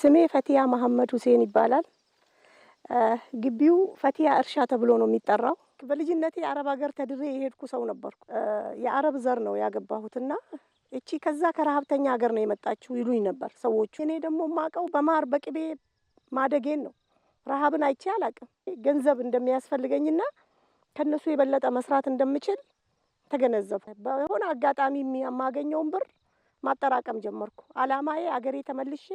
ስሜ ፈቲያ መሐመድ ሁሴን ይባላል። ግቢው ፈቲያ እርሻ ተብሎ ነው የሚጠራው። በልጅነቴ የአረብ ሀገር ተድሬ የሄድኩ ሰው ነበርኩ። የአረብ ዘር ነው ያገባሁትና እቺ ከዛ ከረሀብተኛ ሀገር ነው የመጣችው ይሉኝ ነበር ሰዎቹ። እኔ ደግሞ ማቀው በማር በቅቤ ማደጌን ነው። ረሀብን አይቼ አላቅም። ገንዘብ እንደሚያስፈልገኝና ከነሱ የበለጠ መስራት እንደምችል ተገነዘብኩ። በሆነ አጋጣሚ የማገኘውን ብር ማጠራቀም ጀመርኩ። አላማዬ አገሬ ተመልሼ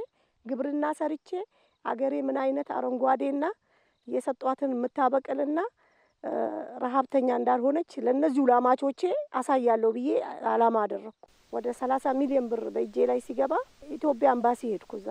ግብርና ሰርቼ አገሬ ምን አይነት አረንጓዴና የሰጧትን የምታበቅልና ረሀብተኛ እንዳልሆነች ለእነዚሁ ላማቾቼ አሳያለሁ ብዬ አላማ አደረግኩ። ወደ ሰላሳ ሚሊዮን ብር በእጄ ላይ ሲገባ ኢትዮጵያ አምባሲ ሄድኩ። እዛ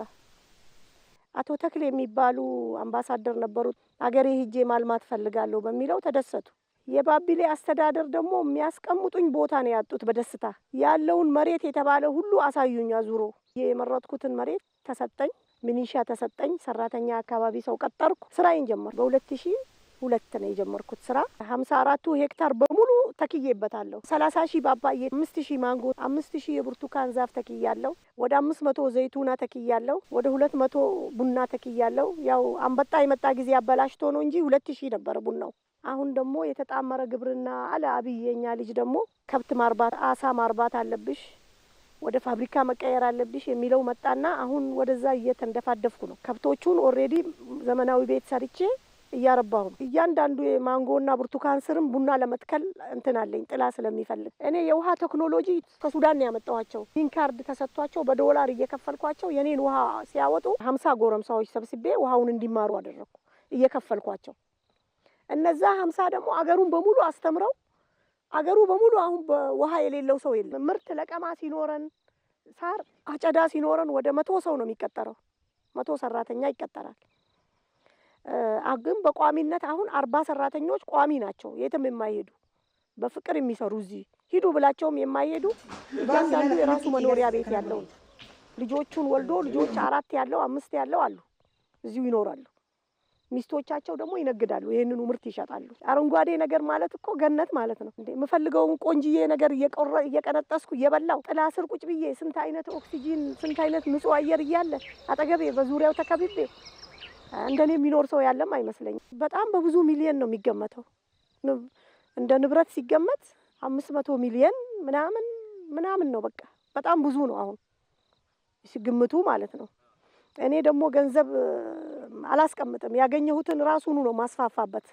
አቶ ተክሌ የሚባሉ አምባሳደር ነበሩ። አገሬ ሂጄ ማልማት ፈልጋለሁ በሚለው ተደሰቱ። የባቢሌ አስተዳደር ደግሞ የሚያስቀምጡኝ ቦታ ነው ያጡት። በደስታ ያለውን መሬት የተባለ ሁሉ አሳዩኝ አዙሮ። የመረጥኩትን መሬት ተሰጠኝ፣ ሚኒሻ ተሰጠኝ፣ ሰራተኛ አካባቢ ሰው ቀጠርኩ፣ ስራዬን ጀመር በሁለት ሺህ ሁለት ነው የጀመርኩት ስራ። ሀምሳ አራቱ ሄክታር በሙሉ ተክዬበታለሁ። ሰላሳ ሺህ ባባዬ፣ አምስት ሺህ ማንጎ፣ አምስት ሺህ የብርቱካን ዛፍ ተክያለሁ። ወደ አምስት መቶ ዘይቱና ተክያለሁ። ወደ ሁለት መቶ ቡና ተክያለሁ። ያው አንበጣ የመጣ ጊዜ አበላሽቶ ነው እንጂ ሁለት ሺህ ነበረ ቡናው። አሁን ደግሞ የተጣመረ ግብርና አለ። አብየኛ ልጅ ደግሞ ከብት ማርባት፣ አሳ ማርባት አለብሽ ወደ ፋብሪካ መቀየር አለብሽ የሚለው መጣና አሁን ወደዛ እየተንደፋደፍኩ ነው። ከብቶቹን ኦሬዲ ዘመናዊ ቤት ሰርቼ እያረባሁ ነው። እያንዳንዱ የማንጎና ብርቱካን ስርም ቡና ለመትከል እንትን አለኝ ጥላ ስለሚፈልግ እኔ የውሃ ቴክኖሎጂ ከሱዳን ነው ያመጣኋቸው። ፒን ካርድ ተሰጥቷቸው በዶላር እየከፈልኳቸው የኔን ውሃ ሲያወጡ ሀምሳ ጎረምሳዎች ሰብስቤ ውሃውን እንዲማሩ አደረግኩ እየከፈልኳቸው። እነዛ ሀምሳ ደግሞ አገሩን በሙሉ አስተምረው አገሩ በሙሉ አሁን በውሃ የሌለው ሰው የለም። ምርት ለቀማ ሲኖረን ሳር አጨዳ ሲኖረን ወደ መቶ ሰው ነው የሚቀጠረው። መቶ ሰራተኛ ይቀጠራል። ግን በቋሚነት አሁን አርባ ሰራተኞች ቋሚ ናቸው፣ የትም የማይሄዱ በፍቅር የሚሰሩ እዚህ ሂዱ ብላቸውም የማይሄዱ እያንዳንዱ የራሱ መኖሪያ ቤት ያለው ልጆቹን ወልዶ ልጆች አራት ያለው አምስት ያለው አሉ፣ እዚሁ ይኖራሉ። ሚስቶቻቸው ደግሞ ይነግዳሉ፣ ይህንኑ ምርት ይሸጣሉ። አረንጓዴ ነገር ማለት እኮ ገነት ማለት ነው እንዴ! የምፈልገውን ቆንጅዬ ነገር እየቀነጠስኩ እየበላው ጥላ ስር ቁጭ ብዬ ስንት አይነት ኦክሲጂን ስንት አይነት ንጹህ አየር እያለ አጠገቤ በዙሪያው ተከብቤ እንደኔ የሚኖር ሰው ያለም አይመስለኝም። በጣም በብዙ ሚሊየን ነው የሚገመተው። እንደ ንብረት ሲገመት አምስት መቶ ሚሊየን ምናምን ምናምን ነው። በቃ በጣም ብዙ ነው አሁን ግምቱ ማለት ነው። እኔ ደግሞ ገንዘብ አላስቀምጥም። ያገኘሁትን ራሱኑ ነው ማስፋፋበት